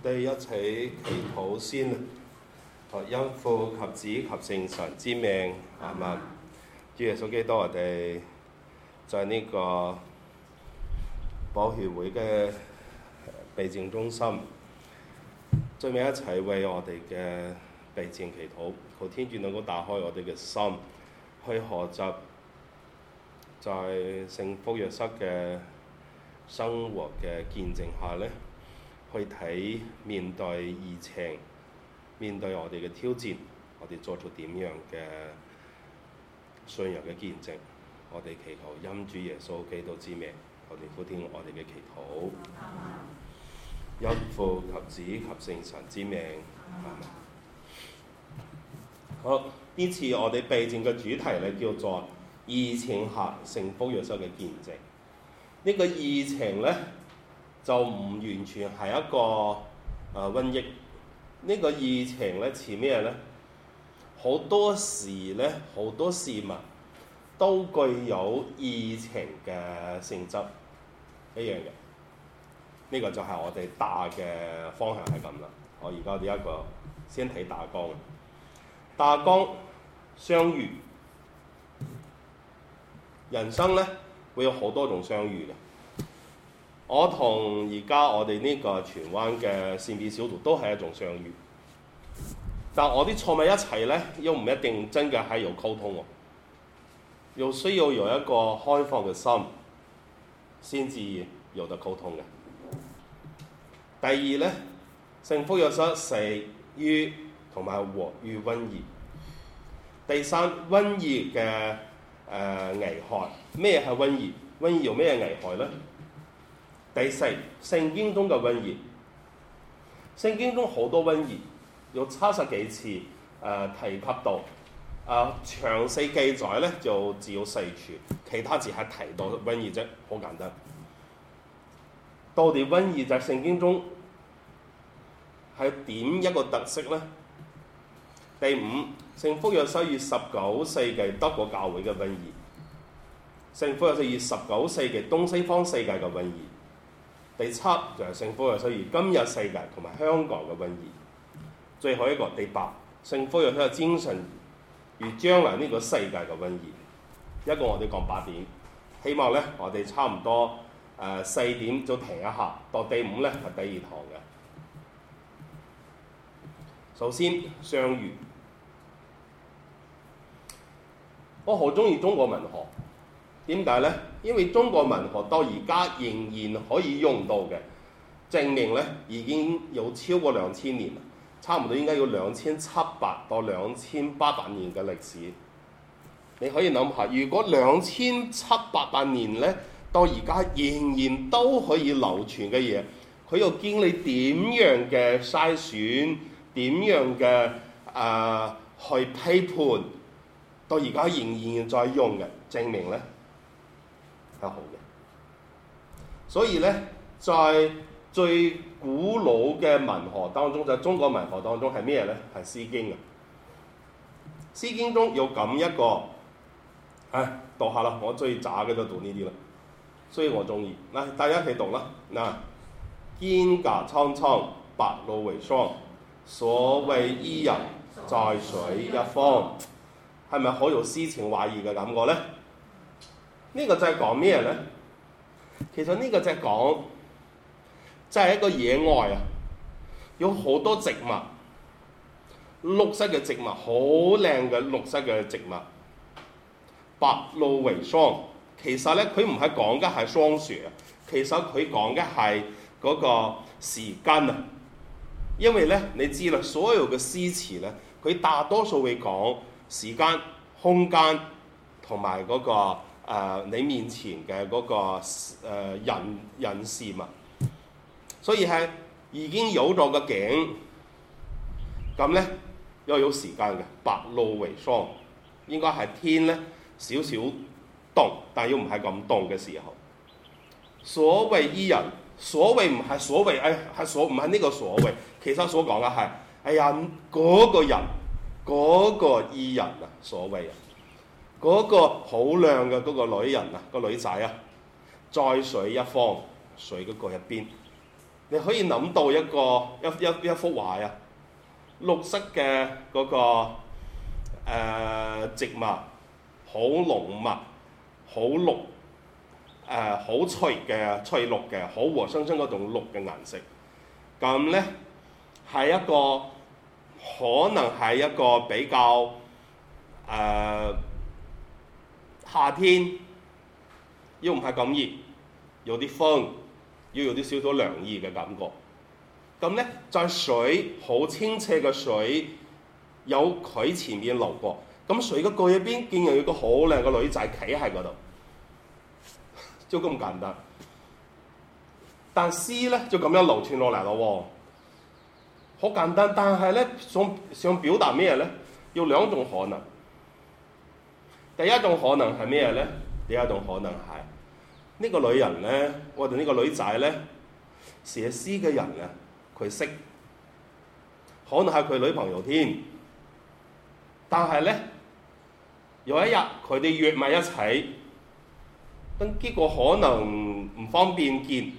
我哋一齊祈禱先啊！因父及子及聖神之名，係嘛 Amen.、啊？主耶穌基督，我哋在呢個保協會嘅備戰中心，最尾一齊為我哋嘅備戰祈禱，求天主能夠打開我哋嘅心，去學習在聖福若瑟嘅生活嘅見證下咧。去睇面對疫情，面對我哋嘅挑戰，我哋作出點樣嘅信仰嘅見證？我哋祈求因主耶穌基督之名，我哋呼天我，我哋嘅祈禱，因父及子及聖神之名。嗯嗯、好，呢次我哋備戰嘅主題呢，叫做疫情下聖福若瑟嘅見證。呢、這個疫情呢。就唔完全係一個、呃、瘟疫，呢、這個疫情咧，似咩呢？好多時咧，好多事物都具有疫情嘅性質一樣嘅。呢、這個就係我哋打嘅方向係咁啦。我而家呢一個先睇打光，打光相遇，人生咧，會有好多種相遇嘅。我同而家我哋呢個荃灣嘅善別小組都係一種相遇，但我啲錯咪一齊呢，又唔一定真嘅係有溝通喎、啊，又需要有一個開放嘅心先至有得溝通嘅。第二呢，聖福若瑟死於同埋活於瘟疫。第三，瘟疫嘅誒、呃、危害咩係瘟疫？瘟疫有咩危害呢？第四，聖經中嘅瘟疫，聖經中好多瘟疫，有七十幾次誒、呃、提及到，誒詳細記載咧就只有四處，其他只係提到瘟疫啫，好簡單。到底瘟疫就係聖經中係點一個特色咧？第五，聖福若瑟於十九世紀德國教會嘅瘟疫，聖福若瑟於十九世紀東西方世界嘅瘟疫。第七就係聖福若瑟與今日世界同埋香港嘅瘟疫，最後一個第八，聖福若瑟精神與將來呢個世界嘅瘟疫，一共我哋講八點，希望呢，我哋差唔多誒、呃、四點就停一下，到第五呢，係第二堂嘅。首先上語，我好鍾意中國文學。點解呢？因為中國文學到而家仍然可以用到嘅證明呢，已經有超過兩千年，差唔多應該要兩千七百到兩千八百年嘅歷史。你可以諗下，如果兩千七百年呢到而家仍然都可以流傳嘅嘢，佢又經歷點樣嘅篩選，點樣嘅、呃、去批判，到而家仍然再用嘅證明呢。係好嘅，所以咧，在最古老嘅文學當中，就係中國文學當中係咩咧？係《詩經》啊，《詩經》中有咁一個唉，讀下啦，我最渣嘅就讀呢啲啦，所以我中意。嗱，大家一齊讀啦，嗱，蒹葭蒼蒼，白露為霜，所謂伊人，在水一方，係咪可做詩情畫意嘅感覺咧？呢個就係講咩咧？其實呢個就係講，就係一個野外啊，有好多植物，綠色嘅植物，好靚嘅綠色嘅植物。白露為霜，其實咧佢唔係講嘅係霜雪啊，其實佢講嘅係嗰個時間啊。因為咧，你知啦，所有嘅詩詞咧，佢大多數會講時間、空間同埋嗰個。誒、呃、你面前嘅嗰、那個誒、呃、人人事嘛，所以係已經有咗個景，咁咧又有時間嘅白露為霜，應該係天咧少少凍，但係又唔係咁凍嘅時候。所謂伊人，所謂唔係所謂誒係所唔係呢個所謂，其實所講嘅係，哎呀嗰、那個人嗰、那個伊人啊所謂啊。嗰個好靚嘅嗰個女人啊，個女仔啊，在水一方，水嗰個入邊，你可以諗到一個一一一幅畫啊，綠色嘅嗰、嗰個、呃、植物，好濃密，好綠誒，好、呃、脆嘅翠綠嘅，好和生生嗰種綠嘅顏色。咁呢，係一個可能係一個比較誒。呃夏天要唔係咁熱，有啲風，要有啲少少涼意嘅感覺。咁呢，在、就係、水好清澈嘅水，有佢前面流過。咁水嘅對入邊竟然有個好靚嘅女仔企喺嗰度，就咁簡單。但詩呢，就咁樣流傳落嚟咯喎，好簡單。但係呢，想想表達咩呢？有兩種可能。第一種可能係咩呢？第一種可能係，呢個女人呢，我哋呢個女仔呢，寫詩嘅人啊，佢識，可能係佢女朋友添。但係呢，有一日佢哋約埋一齊，咁結果可能唔方便見，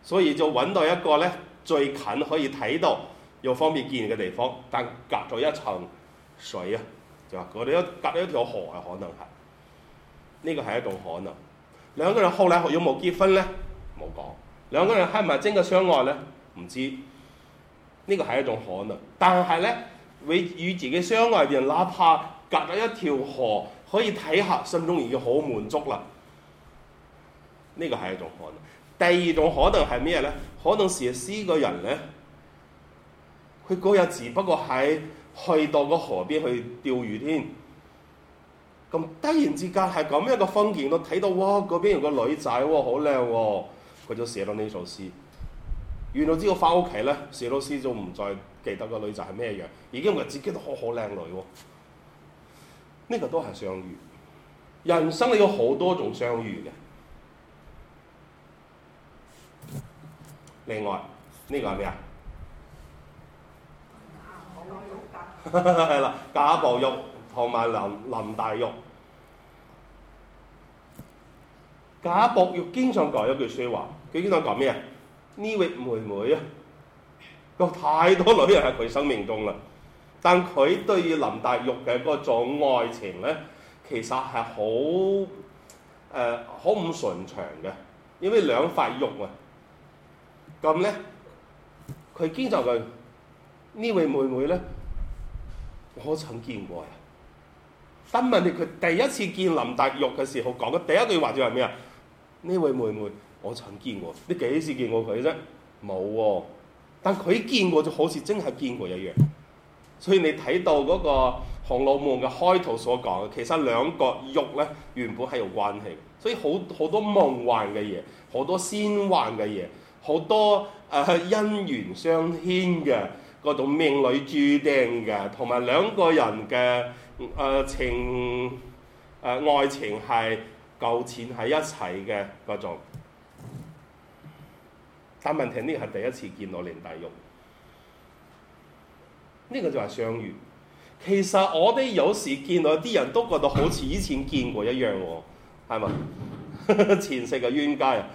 所以就揾到一個呢最近可以睇到又方便見嘅地方，但隔咗一層水啊。佢哋一隔咗一條河啊，可能係呢個係一種可能。兩個人後來有冇結婚呢，冇講。兩個人係咪真嘅相愛呢？唔知。呢個係一種可能，但係呢，你與自己相愛嘅人，哪怕隔咗一條河，可以睇下心中已經好滿足啦。呢個係一種可能。第二種可能係咩呢？可能是 C 個人呢，佢嗰日只不過係。去到個河邊去釣魚添，咁突然之間係咁一個風景，都睇到，哇，嗰邊有個女仔喎，好靚喎，佢、哦、就寫到呢首詩。完咗之後翻屋企呢，寫咗詩就唔再記得個女仔係咩樣，已經認為自己都好好靚女喎、哦。呢、這個都係相遇，人生有好多種相遇嘅。另外，呢、這個係咩啊？係啦，賈寶 玉同埋林林黛玉，賈寶玉經常講一句説話，佢經常講咩啊？呢位妹妹啊，有太多女人喺佢生命中啦。但佢對於林黛玉嘅嗰種愛情呢，其實係好好唔順暢嘅，因為兩塊肉啊。咁呢，佢經常講：呢位妹妹呢。我曾見過呀！但問你，佢第一次見林黛玉嘅時候講嘅第一句話就係咩啊？呢位妹妹，我曾見過。你幾時見過佢啫？冇喎、啊，但佢見過就好似真係見過一樣。所以你睇到嗰個《紅樓夢》嘅開頭所講嘅，其實兩個玉呢原本係有關係，所以好好多夢幻嘅嘢，好多仙幻嘅嘢，好多誒姻、呃、緣相牽嘅。嗰種命裏注定嘅，同埋兩個人嘅誒、呃、情誒、呃、愛情係糾纏喺一齊嘅嗰種。但問題呢個係第一次見到連大玉，呢、這個就係相遇。其實我哋有時見到啲人都覺得好似以前見過一樣喎，係嘛？ 前世嘅冤家。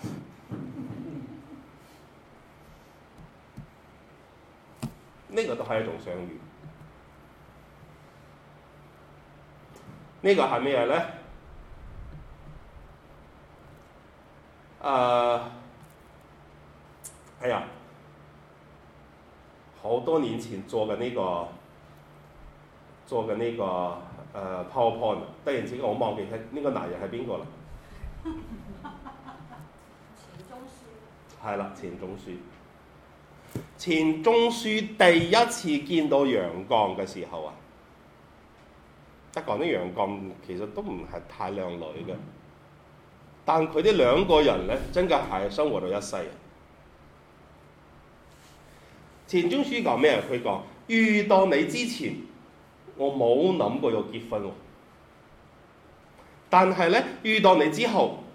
呢個都係一種相遇。這個、呢個係咩嘢咧？誒、呃，係、哎、啊！好多年前做嘅呢、那個，做嘅、那個呃、呢個誒 PowerPoint，突然之間我忘記係呢、這個男人係邊個啦。係啦 學，錢鍾書。錢鍾書第一次見到楊絳嘅時候啊，得講啲楊絳，其實都唔係太靚女嘅，但佢哋兩個人呢，真嘅係生活到一世。錢鍾書講咩？佢講遇到你之前，我冇諗過要結婚喎，但係呢，遇到你之後，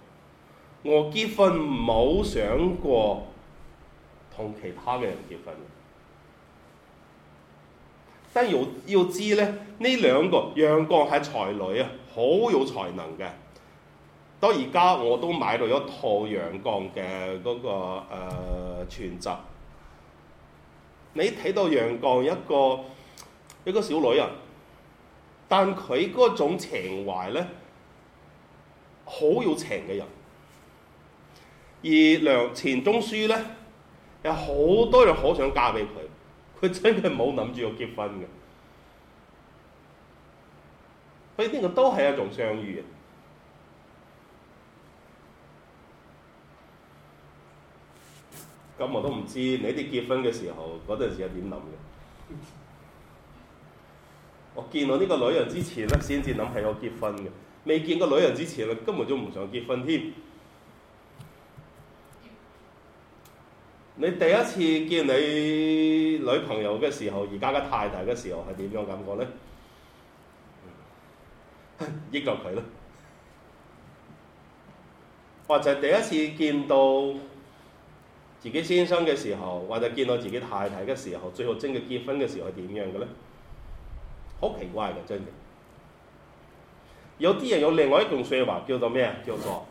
我結婚冇想過。同其他嘅人結婚，但要，要知咧，呢兩個楊絳係才女啊，好有才能嘅。到而家我都買到一套楊絳嘅嗰個、呃、全集。你睇到楊絳一個一個小女人，但佢嗰種情懷呢，好有情嘅人。而梁錢鍾書呢。有好多人好想嫁俾佢，佢真係冇諗住要結婚嘅，所以呢個都係一種相遇。咁我都唔知你哋結婚嘅時候嗰陣時係點諗嘅？我見到呢個女人之前咧，先至諗起我結婚嘅；未見個女人之前咧，根本就唔想結婚添。你第一次見你女朋友嘅時候，而家嘅太太嘅時候係點樣感覺呢？益咗佢咯。 或者第一次見到自己先生嘅時候，或者見到自己太太嘅時候，最後真嘅結婚嘅時候係點樣嘅呢？ 好奇怪嘅真嘅。有啲人有另外一種説話叫做咩？叫做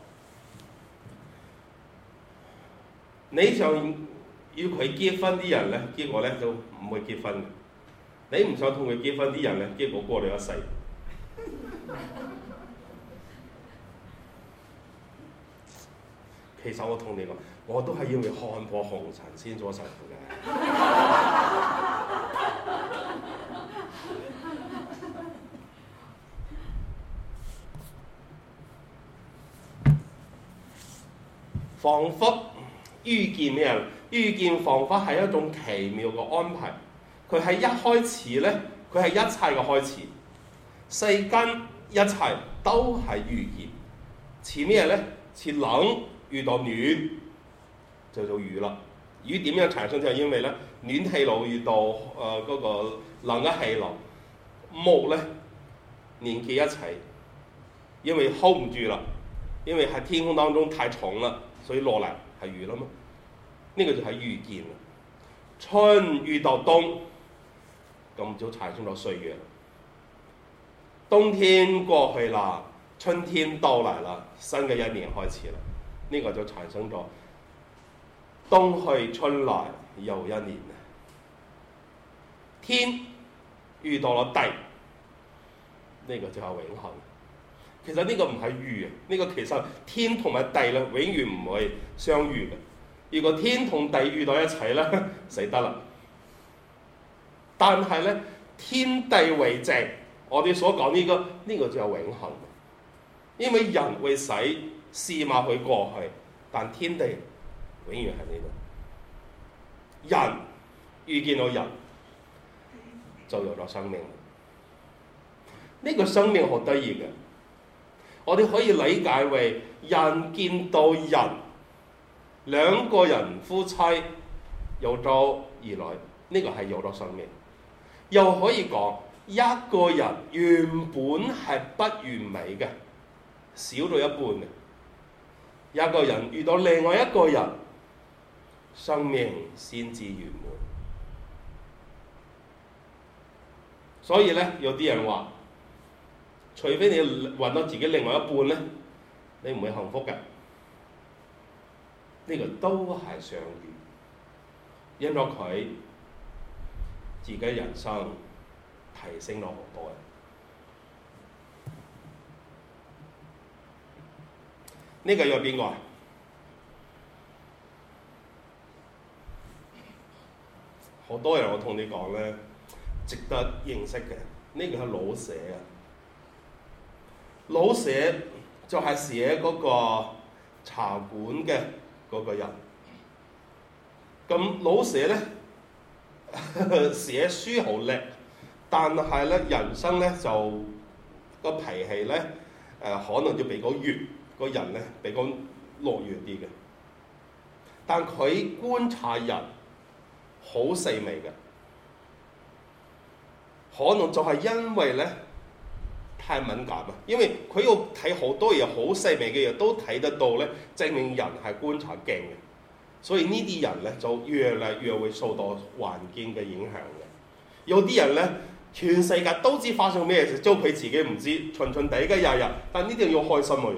你上。要佢結婚啲人咧，結果咧就唔會結婚。你唔想同佢結婚啲人咧，結果過你一世。 其實我同你講，我都係因為看破紅塵先做神父嘅。 彷彿。遇見咩？遇見彷彿係一種奇妙嘅安排。佢喺一開始咧，佢係一切嘅開始。世間一切都係預言，似咩咧？似冷遇到暖，就做雨啦。雨點樣產生？就係因為咧，暖氣流遇到誒嗰、呃那個冷嘅氣流，木咧連接一齊，因為 hold 唔住啦，因為喺天空當中太重啦，所以落嚟。係雨啦嘛，呢個就係遇見啦。春遇到冬，咁就產生咗歲月啦。冬天過去啦，春天到嚟啦，新嘅一年開始啦。呢個就產生咗冬去春來又一年。天遇到咗地，呢個就係永恒。其實呢個唔係遇啊，呢個其實天同埋地咧，永遠唔會相遇嘅。如果天同地遇到一齊咧，死得啦。但係咧，天地為證，我哋所講呢個呢個就係永恆嘅，因為人會使事物去過去，但天地永遠喺呢度。人遇見到人就有咗生命，呢個生命好得意嘅。我哋可以理解為人見到人，兩個人夫妻有咗兒女，呢、這個係有咗生命。又可以講一個人原本係不完美嘅，少咗一半嘅。一個人遇到另外一個人，生命先至完滿。所以呢，有啲人話。除非你搵到自己另外一半呢，你唔會幸福嘅。呢、這個都係上緣，因為佢自己人生提升咗好多。呢、這個有邊個啊？好多人我同你講呢，值得認識嘅，呢、這個係老舍。啊。老舍就係寫嗰個茶館嘅嗰個人。咁老舍呢， 寫書好叻，但係呢，人生呢，就、嗰個脾氣呢，誒、呃，可能就比較弱，嗰個人呢，比個懦弱啲嘅。但佢觀察人好細微嘅，可能就係因為呢。太敏感啊！因為佢要睇好多嘢，好細微嘅嘢都睇得到咧，證明人係觀察鏡嘅。所以呢啲人咧就越嚟越會受到環境嘅影響。有啲人呢，全世界都知發生咩事，就佢自己唔知，蠢蠢哋嘅日日。但呢啲要開心喎，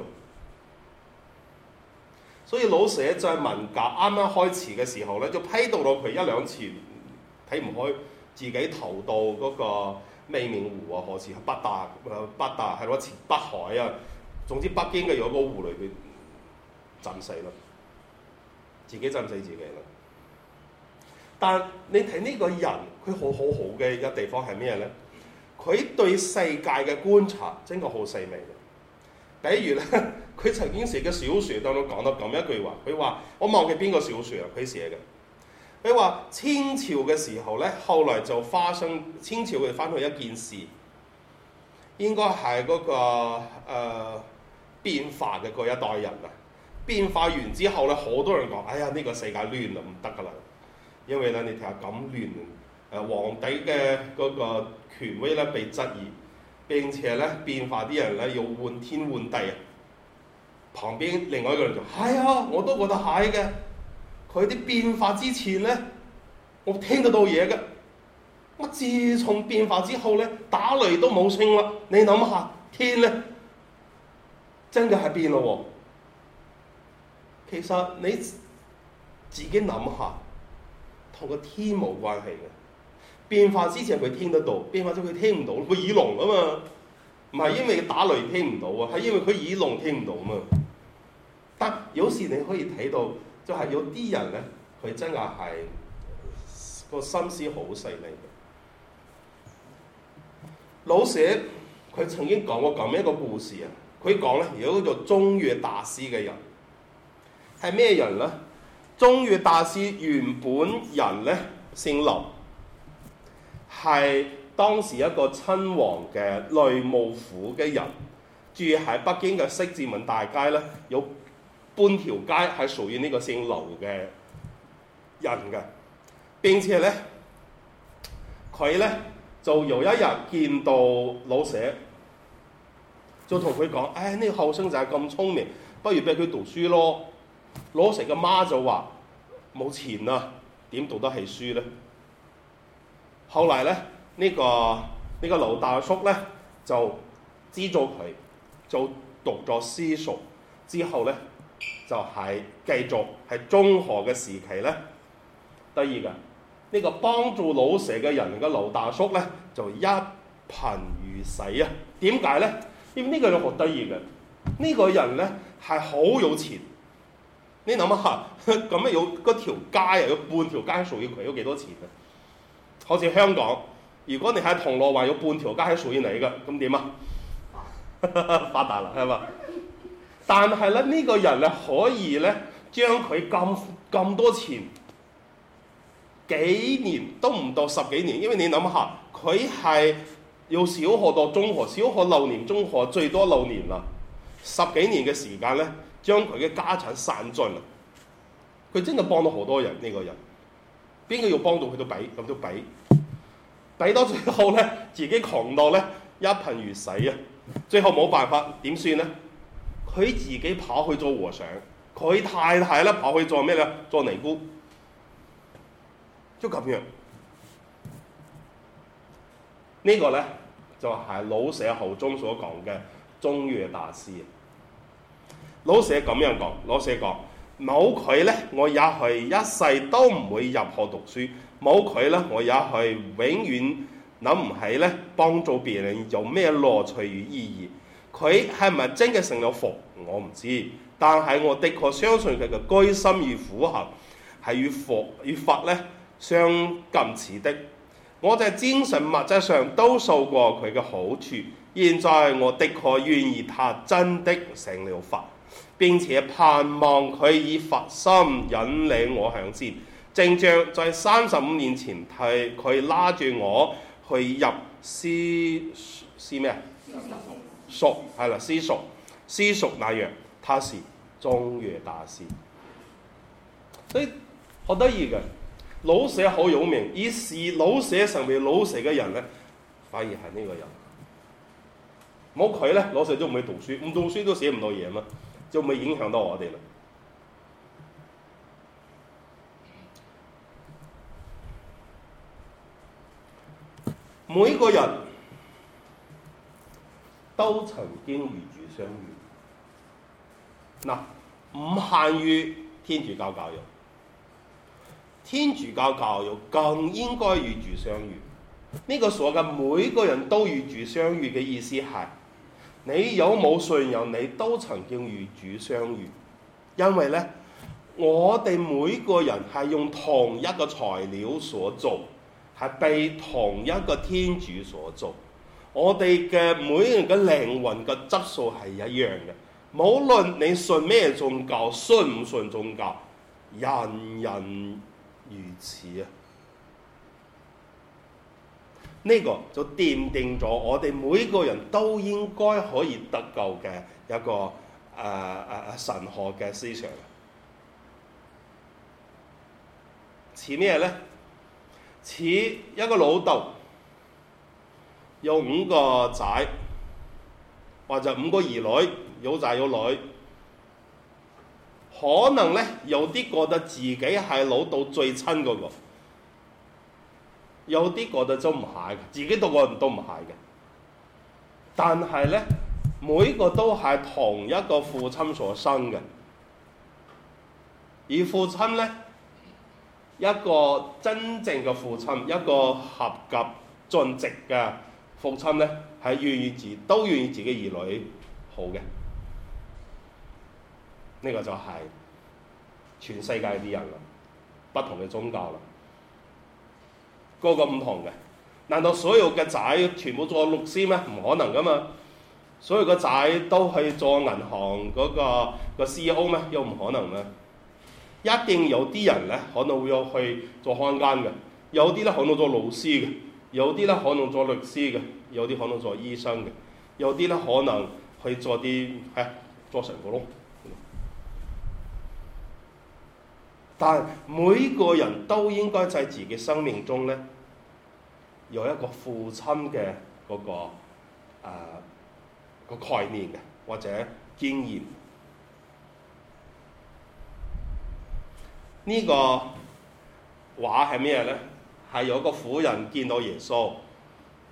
所以老舍在文革啱啱開始嘅時候咧，就批鬥咗佢一兩次，睇唔開自己投到嗰個。未名湖啊，何時係北大？北大係攞詞北海啊。總之，北京嘅有個湖嚟，佢浸死啦。自己浸死自己啦。但你睇呢個人，佢好好好嘅一個地方係咩咧？佢對世界嘅觀察真係好細微嘅。比如咧，佢曾經寫嘅小説當中講到咁一句話，佢話：我忘記邊個小説啊？佢寫嘅。你話清朝嘅時候呢，後來就發生清朝佢哋翻去一件事，應該係嗰、那個誒、呃、變法嘅嗰一代人啊。變化完之後呢，好多人講，哎呀，呢、這個世界亂啦，唔得噶啦！因為呢，你睇下咁亂，皇帝嘅嗰個權威呢被質疑，並且呢變化啲人呢要換天換地啊。旁邊另外一個人就，係、哎、啊，我都覺得係嘅。佢啲變化之前呢，我聽得到嘢㗎。我自從變化之後呢，打雷都冇聲啦。你諗下，天呢，真嘅係變咯喎。其實你自己諗下，同個天冇關係嘅。變化之前佢聽得到，變化咗佢聽唔到，佢耳聾啊嘛。唔係因為佢打雷聽唔到啊，係因為佢耳聾聽唔到啊嘛。但有時你可以睇到。就係有啲人呢，佢真係、個心思好細膩嘅。老舍佢曾經講過咁一個故事啊，佢講呢，有一個叫中越大師嘅人，係咩人呢？中越大師原本人呢，姓林，係當時一個親王嘅內務府嘅人，住喺北京嘅西直門大街呢。有。半條街係屬於呢個姓劉嘅人嘅，並且咧佢咧就有一日見到老舍，就同佢講：誒呢個後生仔咁聰明，不如俾佢讀書咯。老舍嘅媽媽就話：冇錢啊，點讀得起書咧？後嚟咧呢個呢個劉大叔咧就資助佢就讀咗私塾之後咧。就係繼續係中學嘅時期咧，得意嘅呢個幫助老舍嘅人嘅劉大叔咧，就一貧如洗啊！點解咧？因為呢個好得意嘅呢個人咧係好有錢。你諗下，咁咪有嗰條街啊？有半條街屬於佢，有幾多錢啊？好似香港，如果你喺銅鑼灣，有半條街係屬於你嘅，咁點啊？發達啦，係嘛？但係咧，呢、呢個人咧可以咧，將佢咁咁多錢，幾年都唔到十幾年，因為你諗下，佢係要小學到中學，小學六年，中學最多六年啦，十幾年嘅時間咧，將佢嘅家產散盡啦，佢真係幫到好多人呢、呢個人，邊個要幫到佢都俾，咁都俾，俾到最後咧，自己窮到咧，一貧如洗啊，最後冇辦法點算咧？佢自己跑去做和尚，佢太太啦跑去做咩咧？做尼姑，就咁樣。這個、呢個咧就係、是、老舍口中所講嘅宗月大師啊。老舍咁樣講，老舍講，冇佢咧，我也許一世都唔會入學讀書；冇佢咧，我也許永遠諗唔起咧幫助別人有咩樂趣與意義。佢係咪真嘅成咗佛？我唔知，但係我的確相信佢嘅居心與苦行係與佛與法呢相近似的。我哋精神物質上都受過佢嘅好處，現在我的確願意他真的成了佛，並且盼望佢以佛心引領我向前。正像在三十五年前，係佢拉住我去入私私咩啊？塾係啦，私塾。思私塾那樣，他是中越大師，所以好得意嘅，老舍好有名。於是老舍成為老舍嘅人咧，反而係呢個人冇佢咧，老舍都唔會讀書，唔讀書都寫唔到嘢嘛，就唔會影響到我哋啦。每個人都曾經與主相遇。嗱，唔限於天主教教育，天主教教育更應該與主相遇。呢個所謂每個人都與主相遇嘅意思係，你有冇信仰，你都曾經與主相遇。因為呢，我哋每個人係用同一個材料所做，係被同一個天主所做。我哋嘅每個人嘅靈魂嘅質素係一樣嘅。無論你信咩宗教，信唔信宗教，人人如此啊！呢個就奠定咗我哋每個人都應該可以得救嘅一個啊啊、呃呃、神學嘅思想。似咩咧？似一個老豆有五個仔，或者五個兒女。有仔有女，可能咧，有啲覺得自己係老到最親嗰個，有啲覺得都唔係，自己都個人都唔係嘅。但係咧，每個都係同一個父親所生嘅，而父親咧，一個真正嘅父親，一個合格盡職嘅父親咧，係願意自都願意自己兒女好嘅。呢個就係全世界啲人啦，不同嘅宗教啦，個個唔同嘅。難道所有嘅仔全部做老師咩？唔可能㗎嘛！所有嘅仔都去做銀行嗰、那個 C.E.O. 咩？又唔可能咩？一定有啲人咧可能會有去做看更嘅，有啲咧可能做老師嘅，有啲咧可能做律師嘅，有啲可，可能做醫生嘅，有啲咧可能去做啲係、哎、做成個窿。但每個人都應該在自己生命中咧有一個父親嘅嗰個概念嘅或者經驗。這個、呢個畫係咩咧？係有個婦人見到耶穌，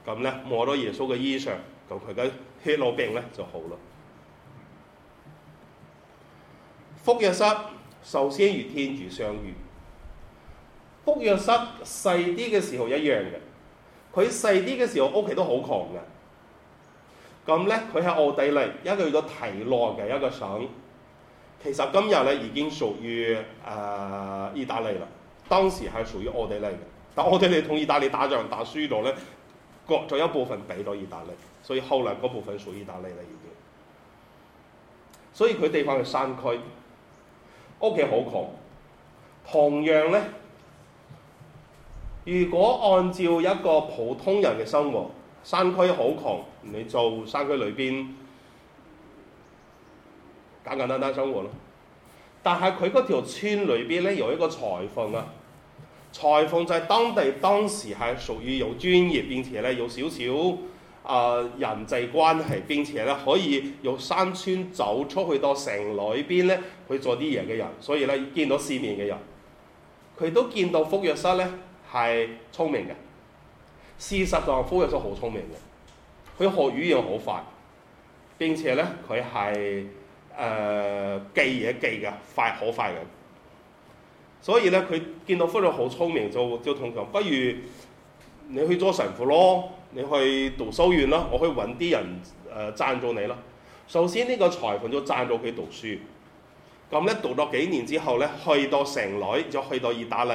咁咧摸到耶穌嘅衣裳，咁佢嘅血漏病咧就好啦。福若瑟。首先與天主相遇，福若瑟細啲嘅時候一樣嘅，佢細啲嘅時候屋企都好窮嘅。咁咧，佢喺奧地利一個叫提洛嘅一個省，其實今日咧已經屬於誒、呃、意大利啦。當時係屬於奧地利嘅，但奧地利同意大利打仗打輸咗咧，割咗一部分俾咗意大利，所以後嚟嗰部分屬於意大利啦已經。所以佢地方係山區。屋企好窮，同樣呢，如果按照一個普通人嘅生活，山區好窮，你做山區裏邊簡簡單單生活咯。但係佢嗰條村裏邊呢，有一個裁縫啊，裁縫就係當地當時係屬於有專業，並且呢有少少。啊、呃，人際關係，並且咧可以由山村走出去到城裏邊咧，去做啲嘢嘅人，所以咧見到市面嘅人，佢都見到福若瑟咧係聰明嘅。事實上，福若瑟好聰明嘅，佢學語言好快，並且咧佢係誒記嘢記嘅快，好快嘅，所以咧佢見到福若好聰明，就就同佢不如。你去做神父咯，你去讀修院啦，我可以揾啲人誒贊、呃、助你啦。首先呢、這個財富就贊助佢讀書，咁咧讀咗幾年之後咧，去到城裏就去到意大利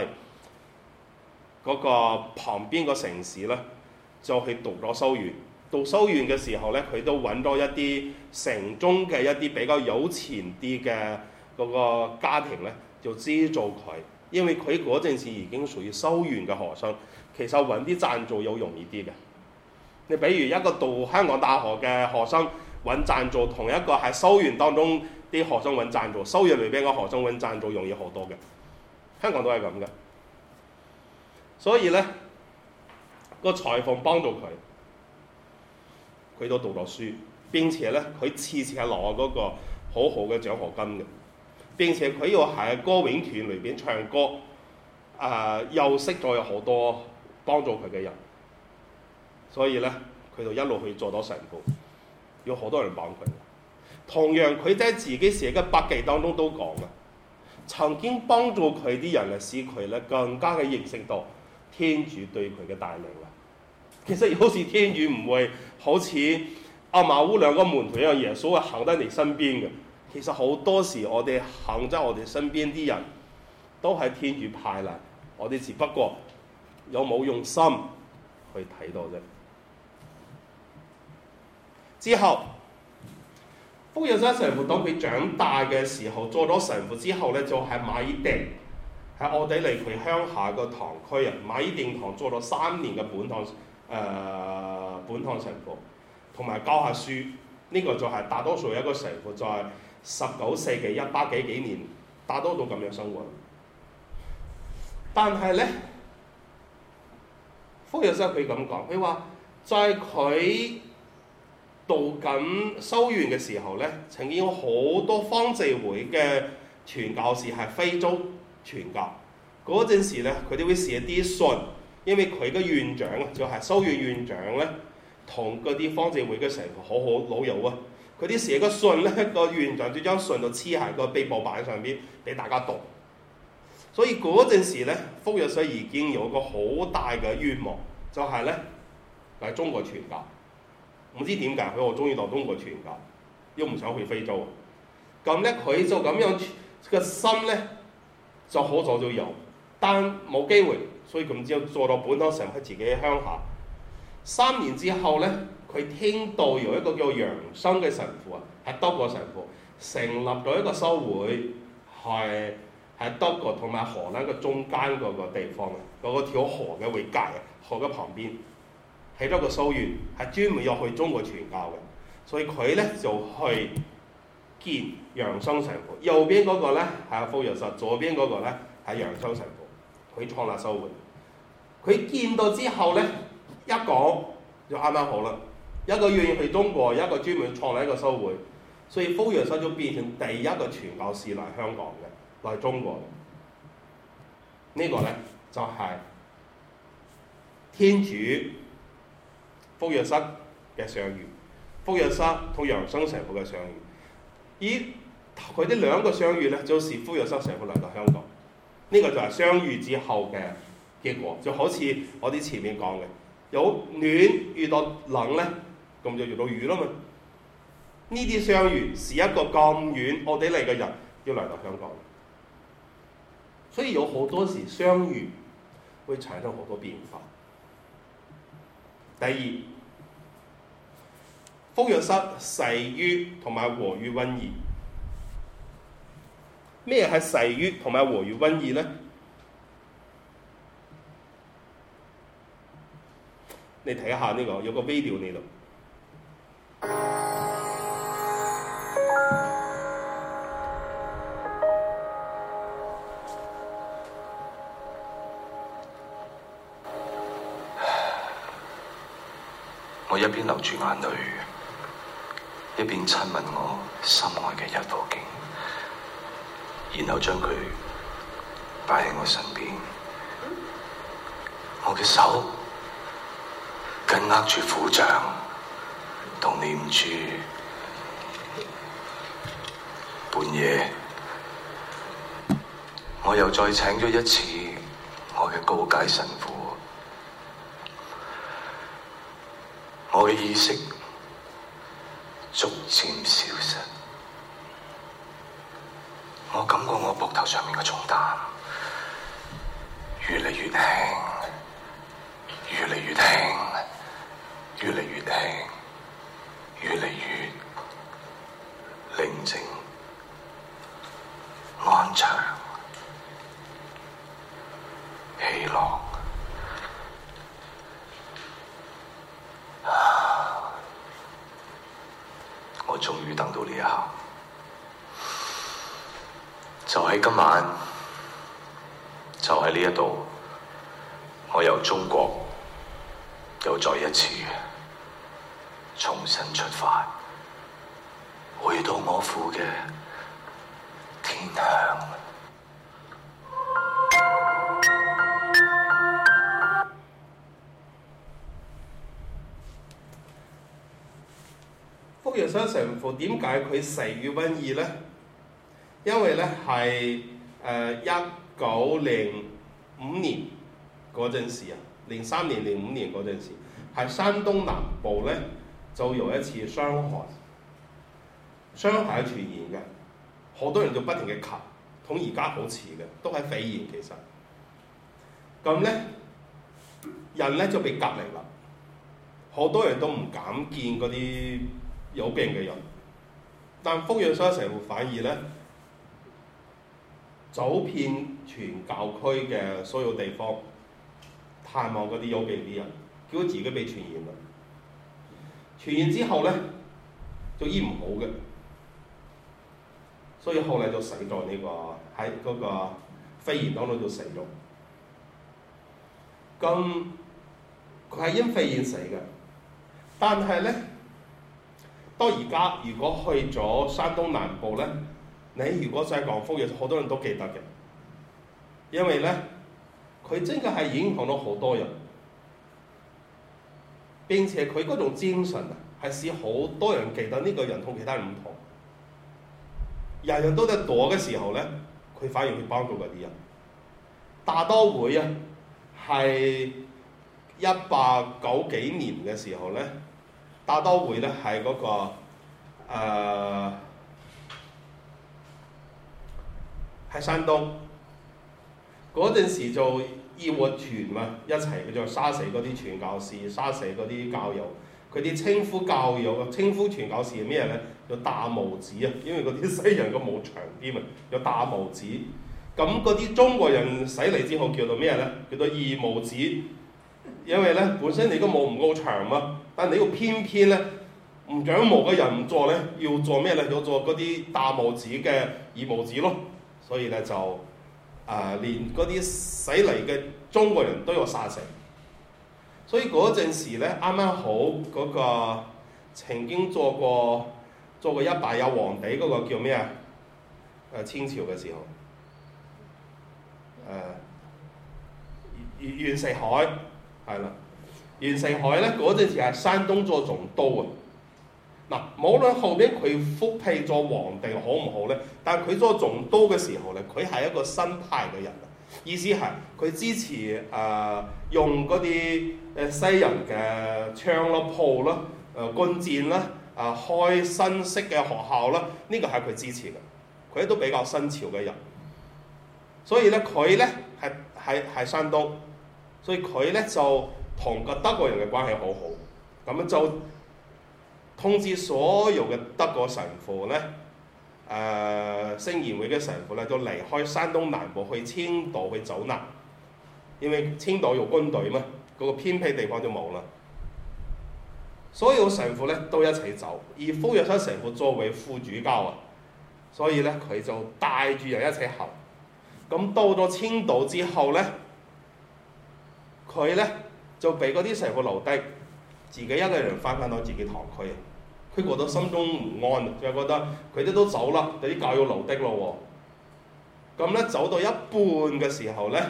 嗰、那個旁邊個城市咧，就去讀咗修院。讀修院嘅時候咧，佢都揾多一啲城中嘅一啲比較有錢啲嘅嗰個家庭咧，就資助佢，因為佢嗰陣時已經屬於修院嘅學生。其實揾啲贊助有容易啲嘅，你比如一個讀香港大學嘅學生揾贊助，同一個係修院當中啲學生揾贊助，修院裏邊嘅學生揾贊助容易好多嘅，香港都係咁嘅。所以呢，個裁縫幫到佢，佢都讀到書，並且呢，佢次次係攞嗰個好好嘅獎學金嘅，並且佢又喺歌詠團裏邊唱歌，誒、呃、又識咗有好多幫助佢嘅人，所以咧佢就一路去做到成功，有好多人幫佢。同樣佢喺自己寫嘅百記當中都講啊，曾經幫助佢啲人係使佢咧更加嘅認識到天主對佢嘅帶領啊！其實好似天主唔會好似阿馬烏兩個門徒一樣，耶穌行得你身邊嘅。其實好多時我哋行咗我哋身邊啲人都係天主派喇，我哋只不過。有冇用心去睇到啫？之後，福若瑟神父當佢長大嘅時候，做咗神父之後呢，就係、是、米定喺奧地利佢鄉下個堂區啊，米定堂做咗三年嘅本堂誒、呃、本堂神父，同埋教下書。呢、這個就係大多數一個神父在十九世紀一百幾幾年大多到咁樣生活。但係呢。方友生佢咁講，佢話在佢讀緊修院嘅時候咧，曾經好多方濟會嘅傳教士係非洲傳教。嗰陣時咧，佢哋會寫啲信，因為佢嘅院長啊，就係修院院長咧，同嗰啲方濟會嘅神父好好老友啊。佢啲寫個信咧，個院長將張信就黐喺個壁報板上邊俾大家讀。所以嗰陣時咧，福若瑟已經有個好大嘅願望，就係咧嚟中國傳教。唔知點解佢好中意到中國傳教，又唔想去非洲。咁咧，佢就咁樣個心咧，就好早就有，但冇機會，所以咁之後做到本土神父喺自己喺鄉下。三年之後咧，佢聽到有一個叫楊生嘅神父啊，係德國神父，成立咗一個修會，係。喺德國同埋荷蘭個中間嗰個地方啊，嗰、那個條河嘅會界啊，河嘅旁邊起咗個修院，係專門入去中國傳教嘅。所以佢咧就去見楊生神父。右邊嗰個咧係福若瑟，左邊嗰個咧係楊生神父。佢創立修會。佢見到之後咧，一講就啱啱好啦。一個願意去中國，一個專門創立一個修會，所以福若瑟就變成第一個傳教士嚟香港嘅。嚟中國，呢、這個呢，就係、是、天主福若瑟嘅相遇，福若瑟同楊生神父嘅相遇。咦，佢哋兩個相遇呢，就是福若瑟神父嚟到香港。呢、這個就係相遇之後嘅結果，就好似我哋前面講嘅，有暖遇到冷呢，咁就遇到雨啦嘛。呢啲相遇是一個咁遠、奧地利嚟嘅人要嚟到香港。所以有好多時相遇會產生好多變化。第二，風藥室勢於同埋和於瘟疫。咩係勢於同埋和於瘟疫呢？你睇下呢個有個 video 呢度。 流住眼淚，一邊親吻我心愛嘅一寶鏡，然後將佢擺喺我身邊。我嘅手緊握住苦杖同念珠。半夜，我又再請咗一次我嘅告解神父。我嘅意識逐漸消失，我感覺我膊頭上面嘅重擔越嚟越輕。神父點解佢死於瘟疫咧？因為咧係誒一九零五年嗰陣時啊，零三年、零五年嗰陣時，係山東南部咧就有一次傷寒，傷寒傳染嘅，好多人就不停嘅咳，同而家好似嘅，都係肺炎其實。咁咧，人咧就被隔離啦，好多人都唔敢見嗰啲。有病嘅人，但福若瑟聖人反而咧走遍全教區嘅所有地方探望嗰啲有病啲人，結果自己被傳染啦。傳染之後咧就醫唔好嘅，所以後嚟就死咗，這個。呢個喺嗰個肺炎當中就死咗。咁佢係因肺炎死嘅，但係咧。到而家，如果去咗山東南部咧，你如果想講福音，好多人都記得嘅，因為咧，佢真嘅係影響到好多人，並且佢嗰種精神啊，係使好多人記得呢個人同其他人唔同，人人都得躲嘅時候咧，佢反而去幫助嗰啲人。大多會啊，係一八九幾年嘅時候咧。打多回咧，係嗰、那個誒，喺、呃、山東嗰陣時做義和團嘛，一齊叫做殺死嗰啲傳教士，殺死嗰啲教友。佢啲稱呼教友，稱呼傳教士係咩咧？有大毛子啊，因為嗰啲西洋個毛長啲嘛，有大毛子。咁嗰啲中國人使嚟之後叫做咩咧？叫做二毛子，因為咧本身你個毛唔夠長嘛。但、啊、你要偏偏咧唔長毛嘅人唔做咧，要做咩咧？要做嗰啲大拇指嘅二拇指咯。所以咧就啊、呃，連嗰啲洗嚟嘅中國人都有殺死。所以嗰陣時咧，啱啱好嗰、嗰個曾經做過做過一帶有皇帝嗰、嗰個叫咩啊？誒，清朝嘅時候，誒袁袁世凱係啦。袁成海咧嗰陣時係山東做總督啊！嗱，無論後邊佢復辟做皇帝好唔好咧，但係佢做總督嘅時候咧，佢係一個新派嘅人，意思係佢支持誒、呃、用嗰啲誒西人嘅槍啦炮啦誒軍艦啦啊開新式嘅學校啦，呢、這個係佢支持嘅，佢都比較新潮嘅人。所以咧，佢咧係係係山東，所以佢咧就。同個德國人嘅關係好好，咁就通知所有嘅德國神父呢誒、呃、聖言會嘅神父呢，就離開山東南部去青島去走難，因為青島有軍隊嘛，嗰、那個偏僻地方就冇啦。所有神父呢都一齊走，而福若瑟神父作為副主教啊，所以呢，佢就帶住人一齊行。咁到咗青島之後呢，佢呢。就被嗰啲細個留低，自己一個人翻返到自己堂區，佢覺得心中唔安，就覺得佢哋都走啦，啲教育留低咯喎。咁、嗯、咧走到一半嘅時候咧，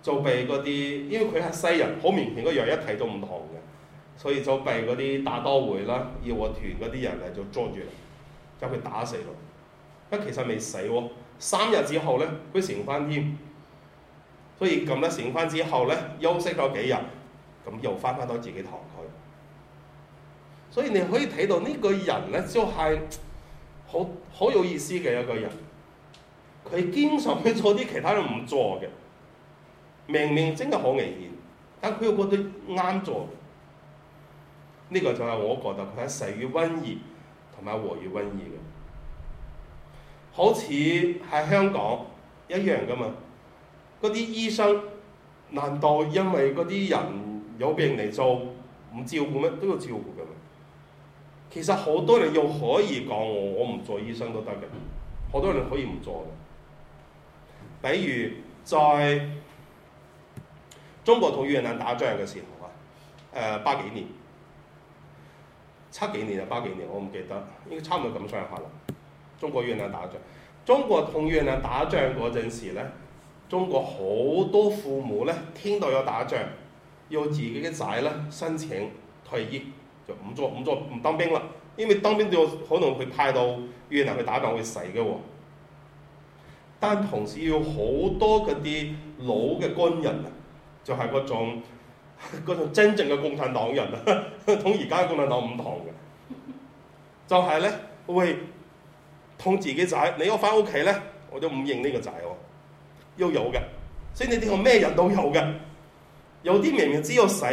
就被嗰啲，因為佢係西人，好明顯嗰樣一睇都唔同嘅，所以就被嗰啲打多回啦，義和團嗰啲人嚟就捉住，將佢打死咯。不過其實未死喎，三日之後咧，佢醒翻添。所以咁咧，醒翻之後咧，休息咗幾日，咁又翻翻到自己堂區。所以你可以睇到呢個人咧，就係好好有意思嘅一個人。佢經常去做啲其他人唔做嘅，明明真係好危險，但佢又覺得啱做。呢個就係我覺得佢係死於瘟疫同埋和於瘟疫嘅，好似喺香港一樣噶嘛。嗰啲醫生，難道因為嗰啲人有病嚟做唔照顧咩？都要照顧嘅嘛。其實好多人又可以講我，我唔做醫生都得嘅。好多人可以唔做嘅。比如在中國同越南打仗嘅時候啊，誒、呃、八幾年、七幾年啊、八幾年我唔記得，應該差唔多咁上下啦。中國越南打仗，中國同越南打仗嗰陣時咧。中國好多父母咧，聽到有打仗，要自己嘅仔咧申請退役，就唔做唔做唔當兵啦。因為當兵就可能佢派到越南去打仗去死嘅喎。但同時要好多嗰啲老嘅軍人啊，就係嗰種嗰種真正嘅共產黨人啊，同而家嘅共產黨唔同嘅，就係咧喂，同自己仔，你我翻屋企咧，我都唔認呢個仔喎。都有嘅，所以你睇我咩人都有嘅。有啲明明知道要死，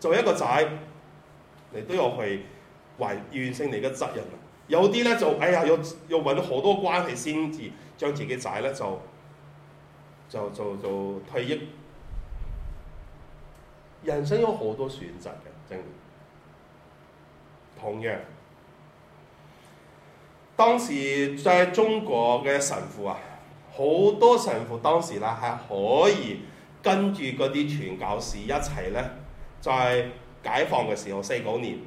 做一個仔，你都要去還完成你嘅責任啦。有啲咧就，哎呀，要要揾好多關係先至將自己仔咧就，就就就就退役。人生有好多選擇嘅，真。同樣，當時在中國嘅神父啊。好多神父當時咧係可以跟住嗰啲傳教士一齊咧，在解放嘅時候四九年，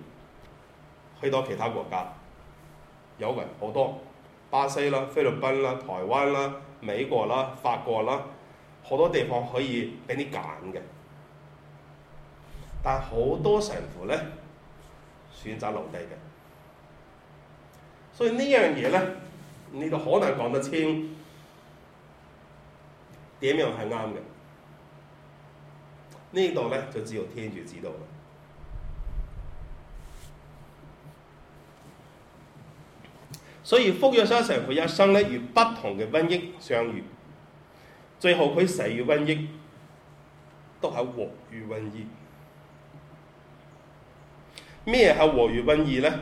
去到其他國家，有嘅好多巴西啦、菲律賓啦、台灣啦、美國啦、法國啦，好多地方可以俾你揀嘅。但好多神父咧選擇留低嘅，所以呢樣嘢咧，你就可能講得清。點樣係啱嘅？呢度呢，就只有天主知道啦。所以福若瑟神父一生呢，與不同嘅瘟疫相遇，最後佢死於瘟疫，都係禍於瘟疫。咩係禍於瘟疫呢？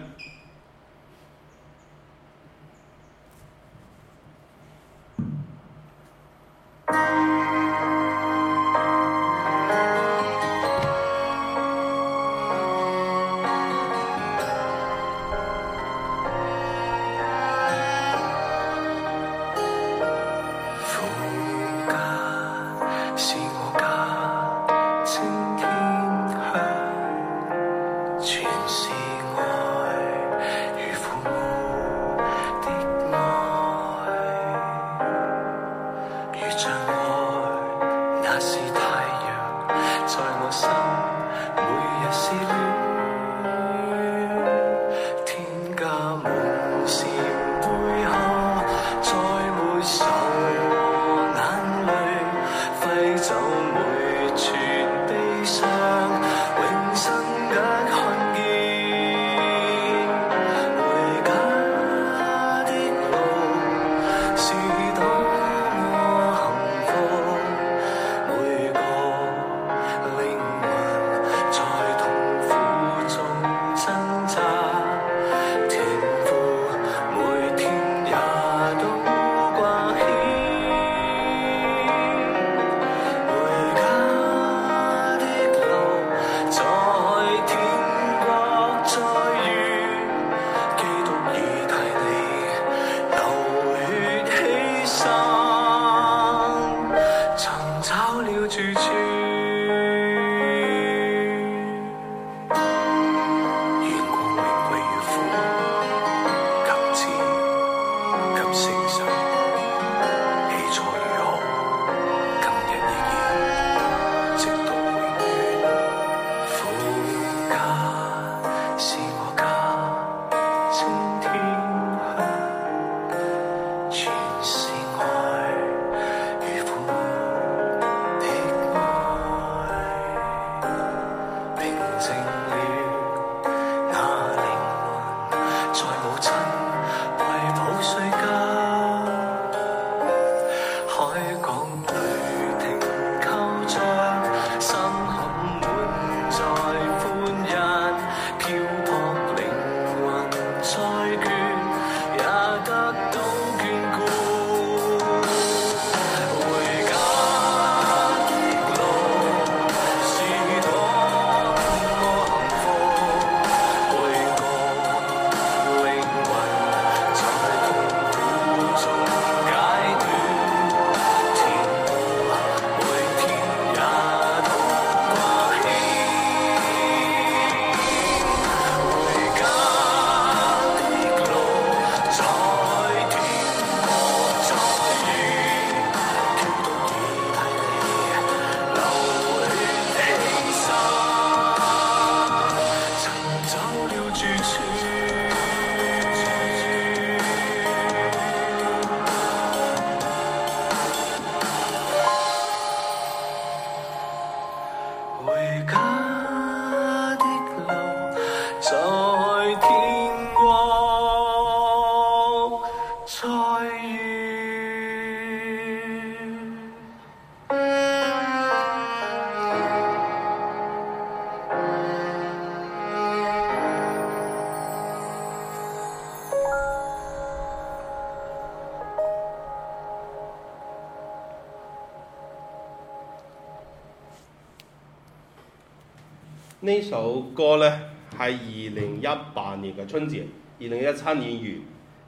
呢首歌呢，係二零一八年嘅春節，二零一七年月，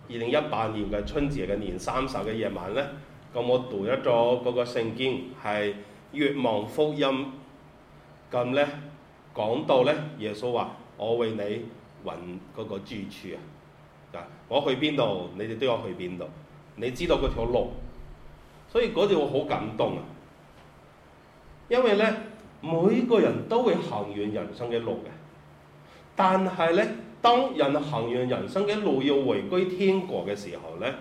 二零一八年嘅春節嘅年三十嘅夜晚呢，咁我讀咗嗰個聖經係《若望福音》，咁呢講到呢，耶穌話：我為你揾嗰個住處啊，我去邊度，你哋都要去邊度，你知道嗰條路，所以嗰段我好感動啊，因為呢。每個人都會行完人生嘅路嘅，但係呢，當人行完人生嘅路要回歸天國嘅時候呢，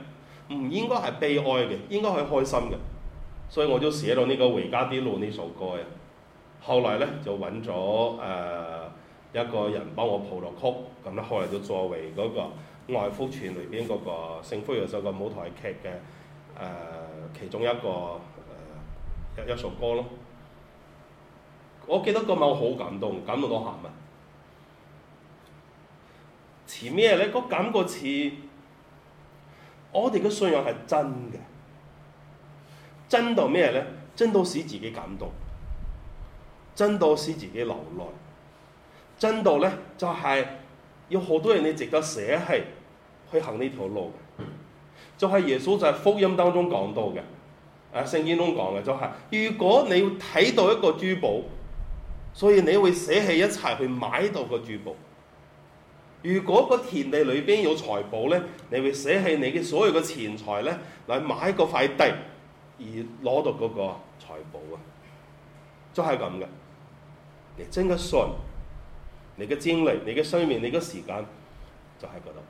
唔應該係悲哀嘅，應該係開心嘅。所以我都寫到呢、這個回家啲路呢首歌啊。後來呢，就揾咗誒一個人幫我譜落曲，咁咧後來就作為嗰個愛福傳裏邊嗰個聖福若瑟嘅舞台劇嘅誒、呃、其中一個一、呃、一首歌咯。我記得嗰晚我好感動，感到喊啊呢！似咩咧？個感覺似我哋嘅信仰係真嘅，真到咩咧？真到使自己感動，真到使自己流淚，真到呢，就係、是、有好多人你值得捨棄去行呢條路。就係耶穌就係福音當中講到嘅、啊，啊聖經中講嘅就係、是、如果你要睇到一個珠寶。所以你會捨棄一齊去買到個財寶。如果個田地裏邊有財寶呢，你會捨棄你嘅所有嘅錢財呢，嚟買個塊地而攞到嗰個財寶啊，就係咁嘅。你真嘅信，你嘅精力、你嘅睡眠、你嘅時間就喺嗰度。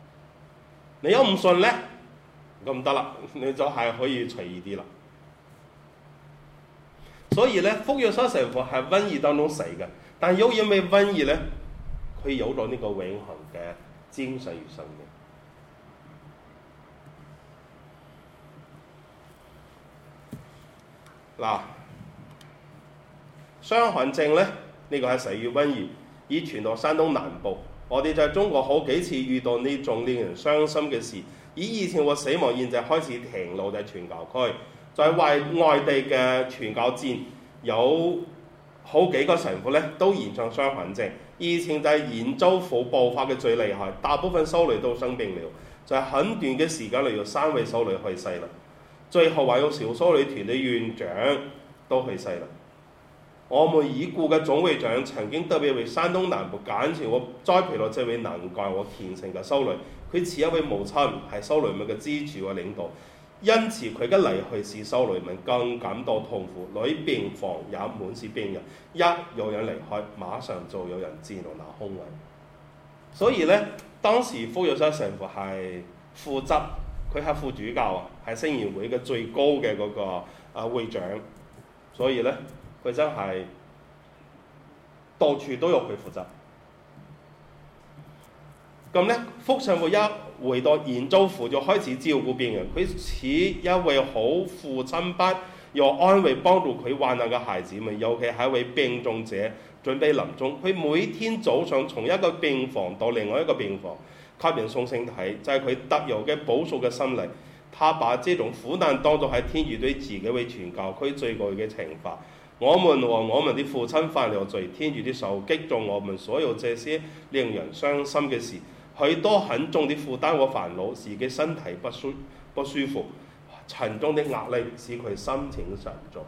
你有唔信呢？咁唔得啦，你就係可以隨意啲啦。所以呢，福若瑟神父係瘟疫當中死嘅，但係因為瘟疫呢，佢有咗呢個永恆嘅精神與生命嗱。傷寒症呢，呢個係死於瘟疫，已傳到山東南部。我哋在中國好幾次遇到呢種令人傷心嘅事，以以前和死亡，現象開始停留在全球區。在外外地嘅傳教戰有好幾個神父咧都染重傷寒症，以前就係延州府爆發嘅最厲害，大部分修女都生病了。就係、是、很短嘅時間內，有三位修女去世啦。最後還有小修女團嘅院長都去世啦。我們已故嘅總會長曾經特別為山東南部感謝我栽培咗這位能幹和虔誠嘅修女，佢似一位母親，係修女們嘅支柱啊、領導。因此佢一離去使修女們更感到痛苦，裏病房也滿是病人，一有人離開，馬上就有人接龍鬧空位。所以呢，當時福若瑟神父係負責，佢係副主教啊，係聖言會嘅最高嘅嗰個啊會長，所以呢，佢真係到處都有佢負責。咁呢，福上父一回到延州府就開始照顧病人，佢似一位好父親般，又安慰幫助佢患難嘅孩子們，尤其係一位病重者準備臨終，佢每天早上從一個病房到另外一個病房，給人送聖體，就係佢特有嘅保守嘅心理，他把這種苦難當作係天主對自己為全教區罪惡嘅懲罰，我們和我們啲父親犯了罪，天主的手擊中我們所有這些令人傷心嘅事。許多沉重的負擔和煩惱，自己身體不舒不舒服，沉重的壓力使佢心情沉重。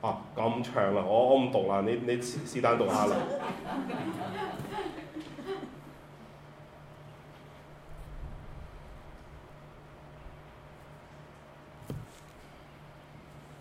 啊，咁長啦，我我唔讀啦，你你試試單讀下啦。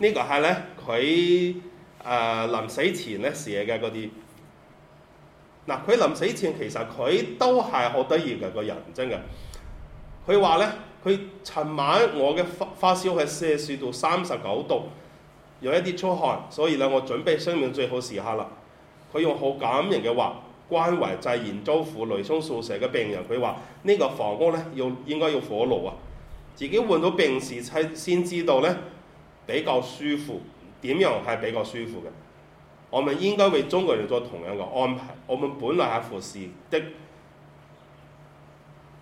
呢個係呢，佢誒、呃、臨死前咧寫嘅嗰啲。嗱，佢、啊、臨死前其實佢都係好得意嘅個人，真嘅。佢話呢，佢尋晚我嘅發發燒係攝氏度三十九度，有一啲出汗，所以呢，我準備生命最好時刻啦。佢用好感人嘅話關懷濟仁租婦雷衝宿舍嘅病人，佢話：呢、這個房屋呢，要應該要火爐啊！自己換到病時才先知道呢。比較舒服，點樣係比較舒服嘅？我們應該為中國人做同樣嘅安排。我們本來係服侍的，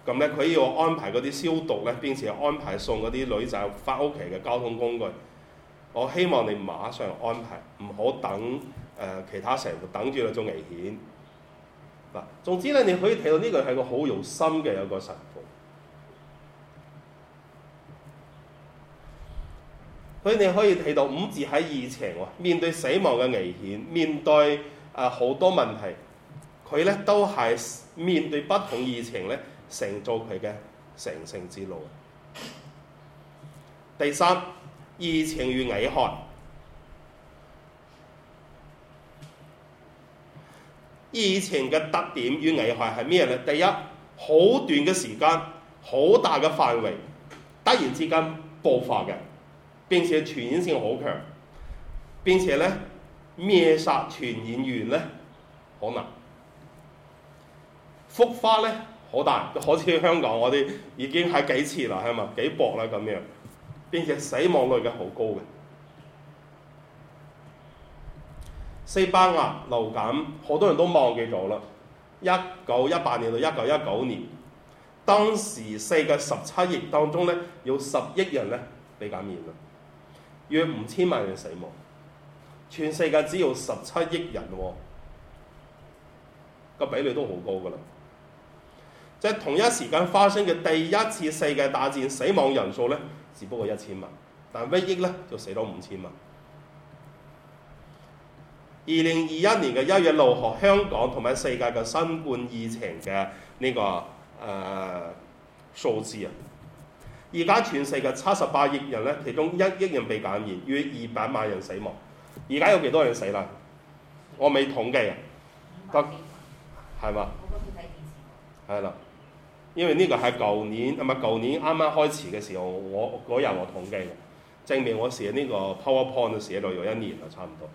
咁咧佢要我安排嗰啲消毒咧，並且安排送嗰啲女仔返屋企嘅交通工具。我希望你馬上安排，唔好等、呃、其他成日等住你做危險。嗱，總之咧，你可以睇到呢個係個好用心嘅有個神。所以你可以睇到五字喺疫情，面對死亡嘅危險，面對誒，呃，好多問題，佢咧都係面對不同疫情咧，成做佢嘅成聖之路。第三，疫情與危害。疫情嘅特點與危害係咩咧？第一，好短嘅時間，好大嘅範圍，突然之間爆發嘅。並且傳染性好強，並且咧滅殺傳染源咧好難，復發咧好大，好似香港嗰啲已經係幾次啦，係咪幾薄啦咁樣？並且死亡率嘅好高嘅，西班牙流感好多人都忘記咗啦，一九一八年到一九一九年，當時世界十七億當中咧有十億人咧被感染啦。約五千萬人死亡，全世界只要十七億人喎、哦，個比率都好高㗎喇。即係同一時間發生嘅第一次世界大戰死亡人數呢，只不過一千萬，但瘟疫呢，就死多五千萬。二零二一年嘅一月六號，香港同埋世界嘅新冠疫情嘅呢、這個誒、呃、數字啊！而家全世界七十八億人咧，其中一億人被感染，約二百萬人死亡。而家有幾多人死啦？我未統計啊，五百幾萬，得，係嘛？我係啦，因為呢個係舊年，唔係舊年啱啱開始嘅時候，我嗰日我統計嘅，證明我寫呢個 PowerPoint 寫到有一年啦，差唔多。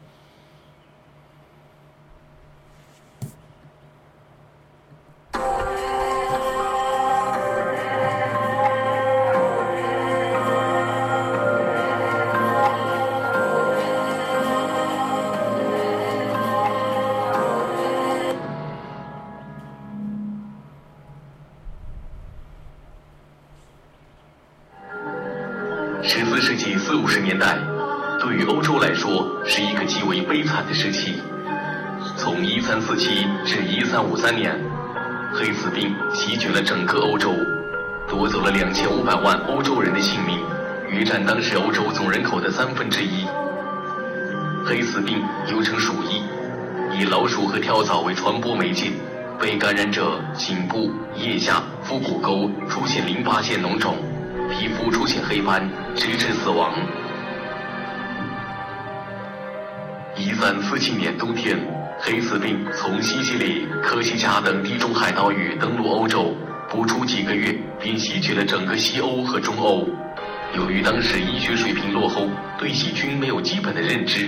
鼠和跳蚤為傳播媒介，被感染者頸部、腋下、腹股溝出現淋巴腺膿腫，皮膚出現黑斑，直至死亡。一三四七年冬天，黑死病從西西里、科西嘉等地中海島嶼登陸歐洲，不出幾個月便席捲了整個西歐和中歐。由於當時醫學水平落後，對細菌沒有基本的認知。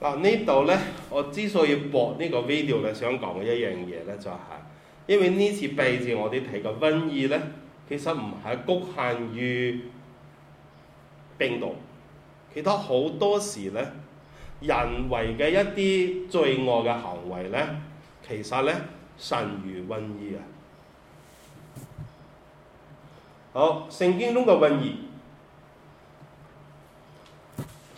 嗱，呢度呢，我之所以播呢個 video 呢，想講嘅一樣嘢呢，就係、是、因為呢次備住我哋睇嘅瘟疫呢，其實唔係局限於病毒，其他好多時呢，人為嘅一啲罪惡嘅行為呢，其實呢，甚如瘟疫啊！好，聖經中嘅瘟疫。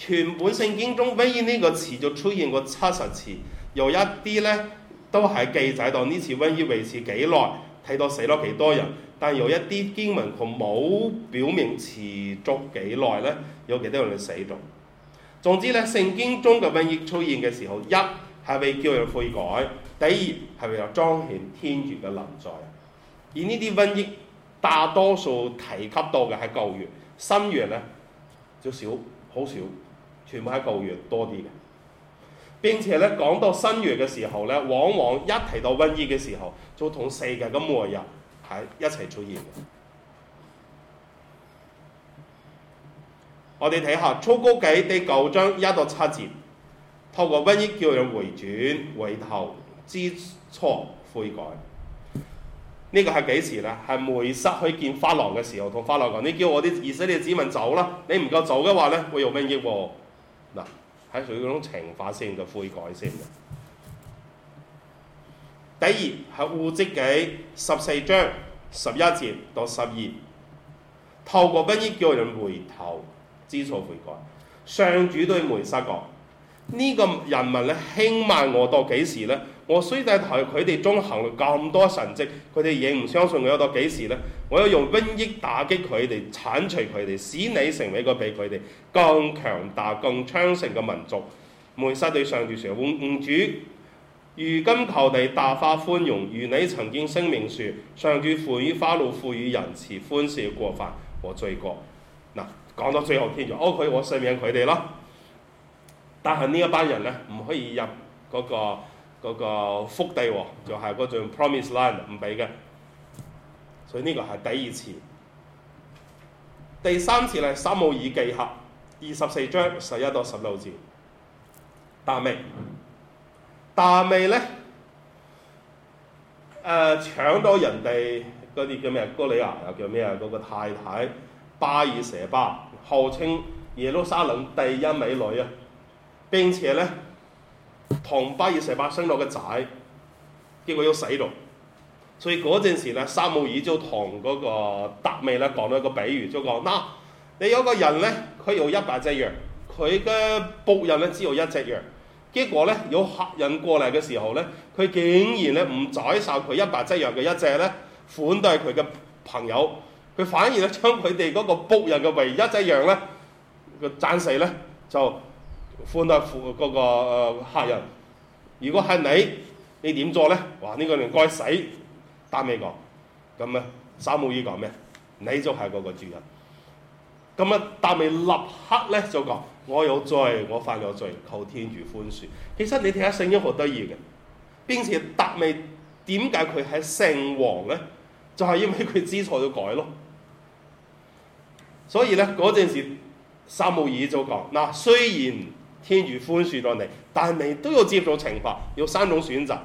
全本聖經中瘟疫呢個詞就出現過七十次，有一啲呢都係記載到呢次瘟疫維持幾耐，睇到死咗幾多人。但有一啲經文佢冇表明持續幾耐呢，有幾多人死咗。總之呢，聖經中嘅瘟疫出現嘅時候，一係為叫人悔改，第二係為咗彰顯天主嘅臨在。而呢啲瘟疫大多數提及到嘅係舊約，新約呢，就少，好少。全部喺舊約多啲嘅，並且咧講到新約嘅時候咧，往往一提到瘟疫嘅時候，就同世界嘅末日喺一齊出現嘅。我哋睇下《出谷記》第九章一到七節，透過瘟疫叫人回轉、回頭知錯悔改呢。呢個係幾時咧？係梅瑟去見法郎嘅時候，同法郎講：你叫我啲以色列嘅子民走啦！你唔夠走嘅話咧，會有瘟疫喎、哦。嗱，係佢於嗰種情法性嘅悔改性。嘅。第二係《戶籍紀》十四章十一節到十二，透過不依叫人回頭知錯悔改。上主對梅瑟講：呢、這個人民咧輕慢我到幾時咧？我雖然喺，佢哋中行咁多神迹，佢哋亦唔相信我到，到幾時呢？我要用瘟疫打擊佢哋，剷除佢哋，使你成為一個比佢哋更強大、更昌盛嘅民族。梅瑟對上主説：，吾主，如今求你大發寬容，如你曾經聲明説，上主賦予發怒，賦予仁慈，寬恕過犯和罪過。嗱，講到最後，天就 OK，我赦免佢哋咯。但係呢一班人呢，唔可以入嗰個。嗰個福地喎，就係、是、嗰種 promise line 唔俾嘅，所以呢個係第二次。第三次咧，《撒母耳記下》，二十四章十一到十六節，達味？達味咧？誒、呃、搶到人哋嗰啲叫咩？哥利亞又叫咩啊？嗰、那個太太巴爾蛇巴，號稱耶路撒冷第一美女啊！並且咧。同巴爾神巴生落個仔，結果要死咗。所以嗰陣時咧，撒慕爾就同嗰個達味咧講咗一個比喻，就講嗱、啊，你有個人咧，佢有一百隻羊，佢嘅僕人咧只有一隻羊。結果咧，有客人過嚟嘅時候咧，佢竟然咧唔宰殺佢一百隻羊嘅一隻咧，款待佢嘅朋友，佢反而咧將佢哋嗰個僕人嘅唯一隻羊咧，個暫時咧就，款待嗰個客人，如果係你，你點做咧？哇！呢、這個人該死，達味講，咁、嗯、啊，撒慕爾講咩？你就係嗰個主人。咁、嗯、啊，達味立刻咧就講：我有罪，我犯咗罪，求天主寬恕。其實你睇下聖經好得意嘅。並且達味點解佢係聖王咧？就係、是、因為佢知錯要改咯。所以咧嗰陣時，撒慕爾就講：嗱，雖然天如寬恕咗你，但係你都要接受懲罰，有三種選擇。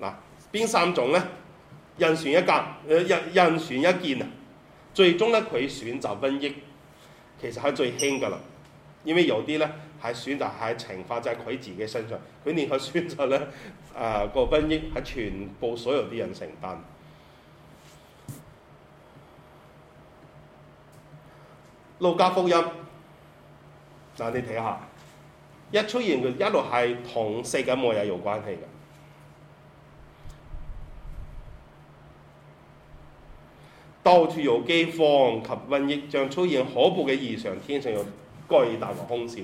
嗱，邊三種呢？人選一間，誒、呃、人人選一件啊！最終呢，佢選擇瘟疫，其實係最輕噶啦。因為有啲呢，係選擇喺懲罰，就係、是、佢自己身上。佢點解選擇呢誒、呃、個瘟疫係全部所有啲人承擔。路加福音，嗱你睇下。一出現佢一路係同世界末日有關係嘅，到處有饑荒及瘟疫，將出現可怖嘅異常，天上有巨大嘅空笑。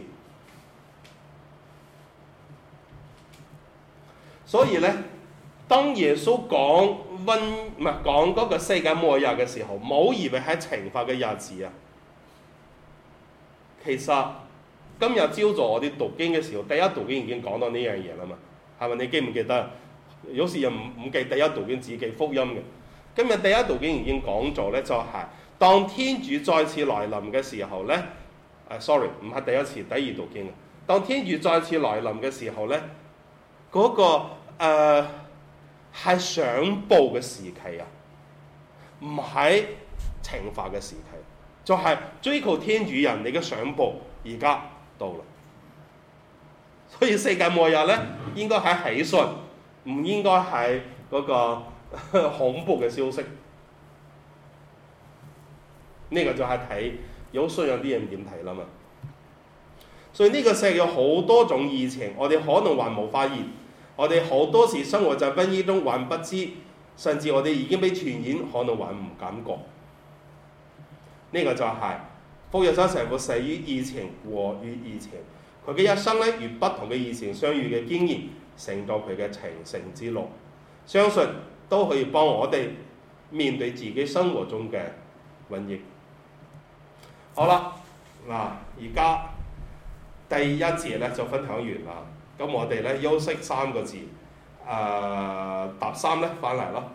所以呢，當耶穌講瘟唔係講嗰個世界末日嘅時候，冇以為係懲罰嘅日子啊，其實。今日朝早我哋讀經嘅時候，第一讀經已經講到呢樣嘢啦嘛，係咪你記唔記得？有時又唔唔記第一讀經只記福音嘅。今日第一讀經已經講咗咧，就係當天主再次來臨嘅時候咧，誒、啊，sorry，唔係第一次，第二讀經啊。當天主再次來臨嘅時候咧，嗰、那個誒係上報嘅時期啊，唔係懲罰嘅時期，就係、是、追求天主人你嘅上報而家。所以世界末日呢，應該係喜訊，唔應該係嗰個呵呵恐怖嘅消息。呢個就係睇有需要啲人點睇啦嘛。所以呢個世界有好多種疫情，我哋可能還冇發現，我哋好多時生活在瘟疫中還不知，甚至我哋已經俾傳染，可能還唔感覺。呢個就係、是。福若瑟成，活死於疫情，活於疫情。佢嘅一生呢，與不同嘅疫情相遇嘅經驗，成就佢嘅成聖之路。相信都可以幫我哋面對自己生活中嘅瘟疫。好啦，嗱，而家第一節咧就分享完啦。咁我哋咧休息三個字，誒、呃，搭衫咧翻嚟啦。